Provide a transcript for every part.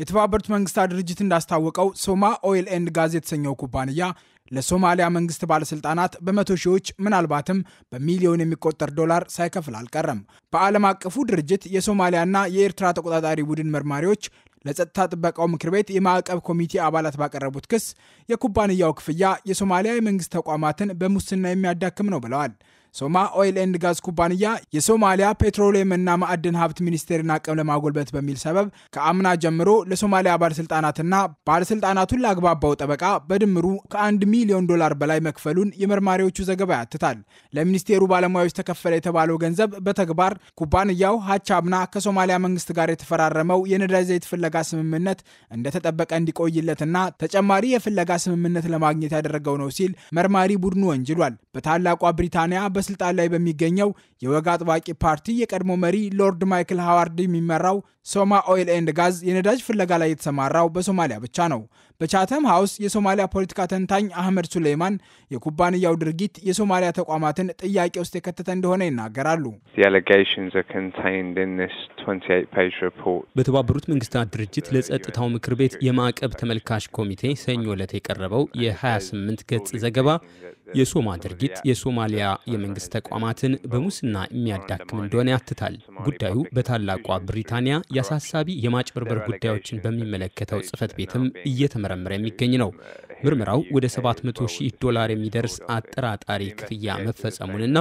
የተባበሩት መንግስታት ድርጅት እንዳስታወቀው ሶማ ኦይል ኤንድ ጋዝ የተሰኘው ኩባንያ ለሶማሊያ መንግስት ባለስልጣናት በመቶ ሺዎች ምናልባትም በሚሊዮን የሚቆጠር ዶላር ሳይከፍል አልቀረም። በዓለም አቀፉ ድርጅት የሶማሊያና የኤርትራ ተቆጣጣሪ ቡድን መርማሪዎች ለጸጥታ ጥበቃው ምክር ቤት የማዕቀብ ኮሚቴ አባላት ባቀረቡት ክስ የኩባንያው ክፍያ የሶማሊያ የመንግስት ተቋማትን በሙስና የሚያዳክም ነው ብለዋል። ሶማ ኦይል ኤንድ ጋዝ ኩባንያ የሶማሊያ ፔትሮሊየምና ማዕድን ሀብት ሚኒስቴርን አቅም ለማጎልበት በሚል ሰበብ ከአምና ጀምሮ ለሶማሊያ ባለስልጣናትና ባለስልጣናቱን ላግባባው ጠበቃ በድምሩ ከአንድ ሚሊዮን ዶላር በላይ መክፈሉን የመርማሪዎቹ ዘገባ ያትታል። ለሚኒስቴሩ ባለሙያዎች ተከፈለ የተባለው ገንዘብ በተግባር ኩባንያው ሀቻምና ከሶማሊያ መንግስት ጋር የተፈራረመው የነዳጅ ዘይት ፍለጋ ስምምነት እንደተጠበቀ እንዲቆይለትና ተጨማሪ የፍለጋ ስምምነት ለማግኘት ያደረገው ነው ሲል መርማሪ ቡድኑ ወንጅሏል። በታላቋ ብሪታንያ በስልጣን ላይ በሚገኘው የወግ አጥባቂ ፓርቲ የቀድሞ መሪ ሎርድ ማይክል ሃዋርድ የሚመራው ሶማ ኦይል ኤንድ ጋዝ የነዳጅ ፍለጋ ላይ የተሰማራው በሶማሊያ ብቻ ነው። በቻተም ሀውስ የሶማሊያ ፖለቲካ ተንታኝ አህመድ ሱሌይማን የኩባንያው ድርጊት የሶማሊያ ተቋማትን ጥያቄ ውስጥ የከተተ እንደሆነ ይናገራሉ። በተባበሩት መንግስታት ድርጅት ለጸጥታው ምክር ቤት የማዕቀብ ተመልካች ኮሚቴ ሰኞ ዕለት የቀረበው የ28 ገጽ ዘገባ የሶማ ድርጊት የሶማሊያ የመንግስት ተቋማትን በሙስና የሚያዳክም እንደሆነ ያትታል። ጉዳዩ በታላቋ ብሪታንያ የአሳሳቢ የማጭበርበር ጉዳዮችን በሚመለከተው ጽህፈት ቤትም እየተመረመረ የሚገኝ ነው። ምርመራው ወደ 700 ሺህ ዶላር የሚደርስ አጠራጣሪ ክፍያ መፈጸሙንና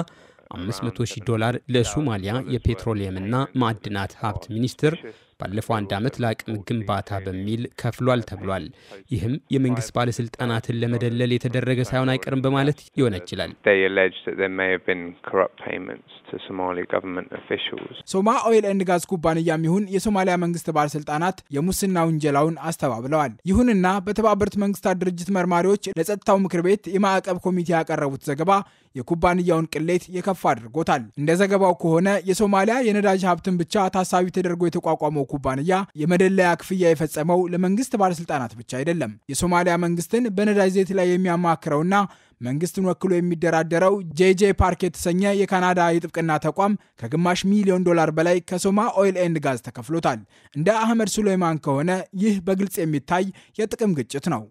500 ሺህ ዶላር ለሶማሊያ የፔትሮሊየምና ማዕድናት ሀብት ሚኒስትር ባለፈው አንድ ዓመት ለአቅም ግንባታ በሚል ከፍሏል ተብሏል። ይህም የመንግስት ባለስልጣናትን ለመደለል የተደረገ ሳይሆን አይቀርም በማለት ይችላል። ሶማ ኦይል ኤንድ ጋዝ ኩባንያም ይሁን የሶማሊያ መንግስት ባለስልጣናት የሙስና ውንጀላውን አስተባብለዋል። ይሁንና በተባበሩት መንግስታት ድርጅት መርማሪዎች ለጸጥታው ምክር ቤት የማዕቀብ ኮሚቴ ያቀረቡት ዘገባ የኩባንያውን ቅሌት የከፋ አድርጎታል። እንደ ዘገባው ከሆነ የሶማሊያ የነዳጅ ሀብትን ብቻ ታሳቢ ተደርጎ የተቋቋመው ኩባንያ የመደለያ ክፍያ የፈጸመው ለመንግስት ባለስልጣናት ብቻ አይደለም። የሶማሊያ መንግስትን በነዳጅ ዘይት ላይ የሚያማክረውና መንግስትን ወክሎ የሚደራደረው ጄጄ ፓርክ የተሰኘ የካናዳ የጥብቅና ተቋም ከግማሽ ሚሊዮን ዶላር በላይ ከሶማ ኦይል ኤንድ ጋዝ ተከፍሎታል። እንደ አህመድ ሱሌማን ከሆነ ይህ በግልጽ የሚታይ የጥቅም ግጭት ነው።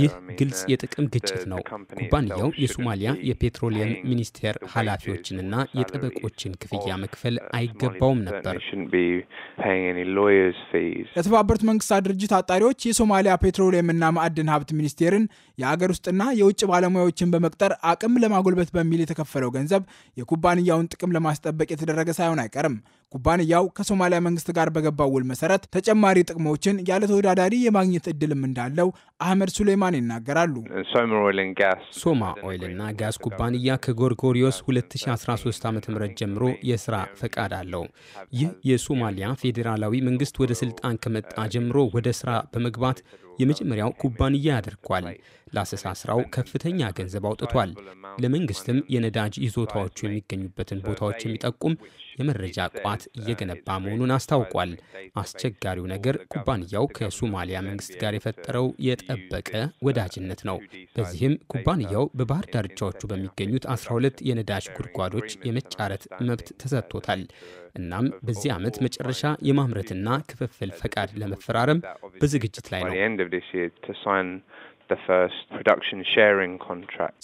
ይህ ግልጽ የጥቅም ግጭት ነው። ኩባንያው የሶማሊያ የፔትሮሊየም ሚኒስቴር ኃላፊዎችንና የጠበቆችን ክፍያ uh, መክፈል አይገባውም ነበር። የተባበሩት መንግስታት ድርጅት አጣሪዎች የሶማሊያ ፔትሮሊየምና ማዕድን ሀብት ሚኒስቴር Ministerien የአገር ውስጥና የውጭ ባለሙያዎችን በመቅጠር አቅም ለማጎልበት በሚል የተከፈለው ገንዘብ የኩባንያውን ጥቅም ለማስጠበቅ የተደረገ ሳይሆን አይቀርም። ኩባንያው ከሶማሊያ መንግስት ጋር በገባው ውል መሰረት ተጨማሪ ጥቅሞችን ያለ ተወዳዳሪ የማግኘት እድልም እንዳለው አህመድ ሱሌማን ይናገራሉ። ሶማ ኦይልና ጋዝ ኩባንያ ከጎርጎሪዮስ 2013 ዓ ም ጀምሮ የስራ ፈቃድ አለው። ይህ የሶማሊያ ፌዴራላዊ መንግስት ወደ ስልጣን ከመጣ ጀምሮ ወደ ስራ በመግባት የመጀመሪያው ኩባንያ ያደርጓል። ለአሰሳ ስራው ከፍተኛ ገንዘብ አውጥቷል። ለመንግስትም የነዳጅ ይዞታዎቹ የሚገኙበትን ቦታዎች የሚጠቁም የመረጃ ቋት እየገነባ መሆኑን አስታውቋል። አስቸጋሪው ነገር ኩባንያው ከሶማሊያ መንግስት ጋር የፈጠረው የጠበቀ ወዳጅነት ነው። በዚህም ኩባንያው በባህር ዳርቻዎቹ በሚገኙት 12 የነዳጅ ጉድጓዶች የመጫረት መብት ተሰጥቶታል። እናም በዚህ ዓመት መጨረሻ የማምረትና ክፍፍል ፈቃድ ለመፈራረም በዝግጅት ላይ ነው።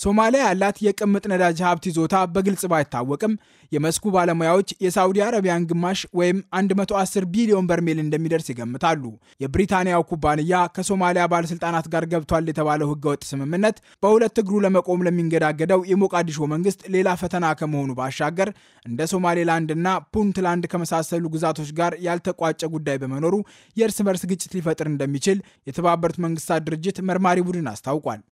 ሶማሊያ ያላት የቅምጥ ነዳጅ ሀብት ይዞታ በግልጽ ባይታወቅም የመስኩ ባለሙያዎች የሳውዲ አረቢያን ግማሽ ወይም 110 ቢሊዮን በርሜል እንደሚደርስ ይገምታሉ። የብሪታንያው ኩባንያ ከሶማሊያ ባለስልጣናት ጋር ገብቷል የተባለው ህገወጥ ስምምነት በሁለት እግሩ ለመቆም ለሚንገዳገደው የሞቃዲሾ መንግስት ሌላ ፈተና ከመሆኑ ባሻገር እንደ ሶማሌላንድ እና ፑንትላንድ ከመሳሰሉ ግዛቶች ጋር ያልተቋጨ ጉዳይ በመኖሩ የእርስ በርስ ግጭት ሊፈጥር እንደሚችል የተባበሩት መንግስታት ድርጅት መርማሪ ቡድን አስታውቋል።